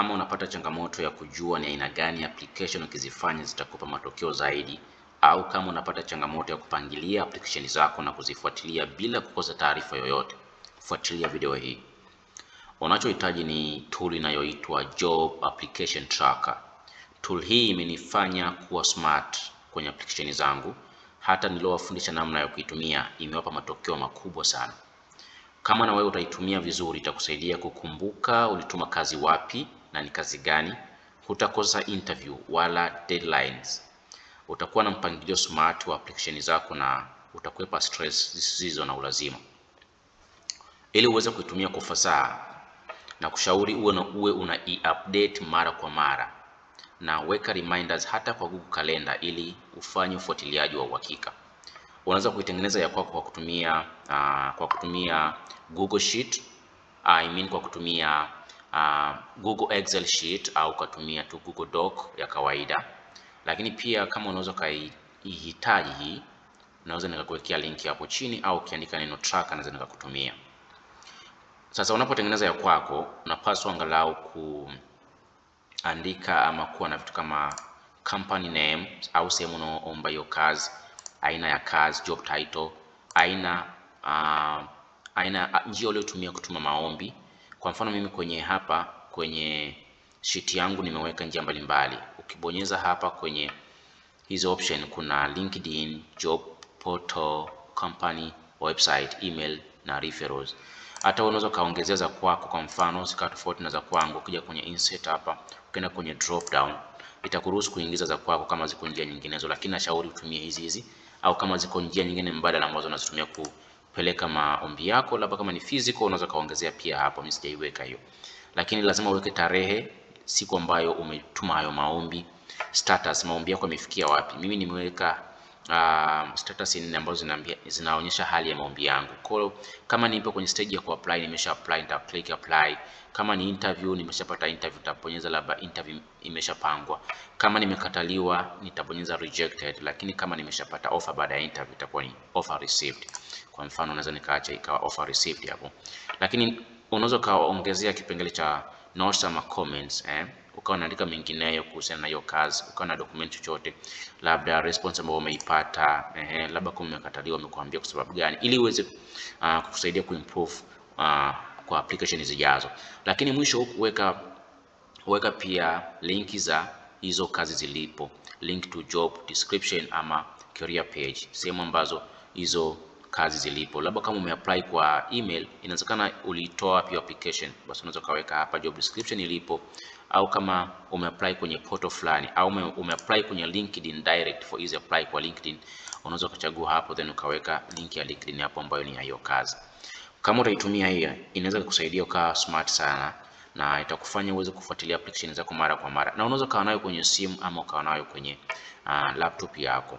Kama unapata changamoto ya kujua ni aina gani application ukizifanya zitakupa matokeo zaidi, au kama unapata changamoto ya kupangilia application zako na kuzifuatilia bila kukosa taarifa yoyote, fuatilia video hii. Unachohitaji ni tool inayoitwa Job Application Tracker. Tool hii imenifanya kuwa smart kwenye application zangu, hata niliowafundisha namna ya kuitumia imewapa matokeo makubwa sana. Kama na wewe utaitumia vizuri, itakusaidia kukumbuka ulituma kazi wapi na ni kazi gani. Hutakosa interview wala deadlines. Utakuwa na mpangilio smart wa application zako na utakwepa stress zisizo na ulazima. Ili uweze kuitumia kwa ufasaha na kushauri uwe na uwe una e update mara kwa mara na weka reminders hata kwa Google Calendar ili ufanye ufuatiliaji wa uhakika. Unaweza kuitengeneza ya kwako kwa kutumia, uh, kwa kutumia Google Sheet, I mean kwa kutumia uh, Google Excel sheet au ukatumia tu Google Doc ya kawaida, lakini pia kama unaweza ukaihitaji hii, unaweza nikakuwekea link hapo chini, au ukiandika neno tracker naweza nikakutumia. Sasa unapotengeneza ya kwako, unapaswa angalau kuandika ama kuwa na vitu kama company name au sehemu unaoomba hiyo kazi, aina ya kazi, job title, aina uh, aina njia uliotumia kutuma maombi kwa mfano mimi kwenye hapa kwenye sheet yangu nimeweka njia mbalimbali. Ukibonyeza hapa kwenye hizo option, kuna LinkedIn, job portal, company, website, email na referrals. Hata unaweza kaongezea za kwako, kwa mfano zikawa tofauti na za kwangu. Ukija kwenye insert hapa, ukienda kwenye drop down itakuruhusu kuingiza za kwako kama ziko njia nyinginezo, lakini nashauri utumie hizi hizi, au kama ziko njia nyingine mbadala ambazo unazitumia ku peleka maombi yako, labda kama ni physical unaweza kaongezea pia hapo, mimi sijaiweka hiyo, lakini lazima uweke tarehe, siku ambayo umetuma hayo maombi, status, maombi yako yamefikia wapi. Mimi nimeweka uh, status nne ambazo zinaambia zinaonyesha hali ya maombi yangu. Kwa hiyo kama nipo kwenye stage ya ku apply, nimesha apply, nita click apply. Kama ni interview, nimeshapata interview, nitabonyeza labda interview imeshapangwa. Kama nimekataliwa, nitabonyeza rejected, lakini kama nimeshapata offer baada ya interview, itakuwa ni offer received. Kwa mfano, naweza nikaacha ikawa offer received hapo, lakini unaweza ukaongezea kipengele cha notes ama comments eh ukawa unaandika mengineyo kuhusiana na hiyo kazi, ukawa na document chochote, labda response ambayo umeipata eh, labda kama umekataliwa, umekuambia kwa sababu gani, ili uweze uh, kukusaidia kuimprove uh, kwa application zijazo. Lakini mwisho weka weka pia linki za hizo kazi zilipo, link to job description ama career page, sehemu ambazo hizo kazi zilipo. Labda kama umeapply kwa email, inawezekana ulitoa wapi application, basi unaweza kaweka hapa job description ilipo, au kama umeapply kwenye portal fulani au umeapply kwenye LinkedIn direct for easy apply kwa LinkedIn, unaweza kuchagua hapo then ukaweka link ya LinkedIn hapo ambayo ni ya hiyo kazi. Kama utaitumia hiyo, inaweza kukusaidia ukawa smart sana na itakufanya uweze kufuatilia application zako mara kwa mara, na unaweza kawa nayo kwenye simu ama ukawa nayo kwenye uh, laptop yako.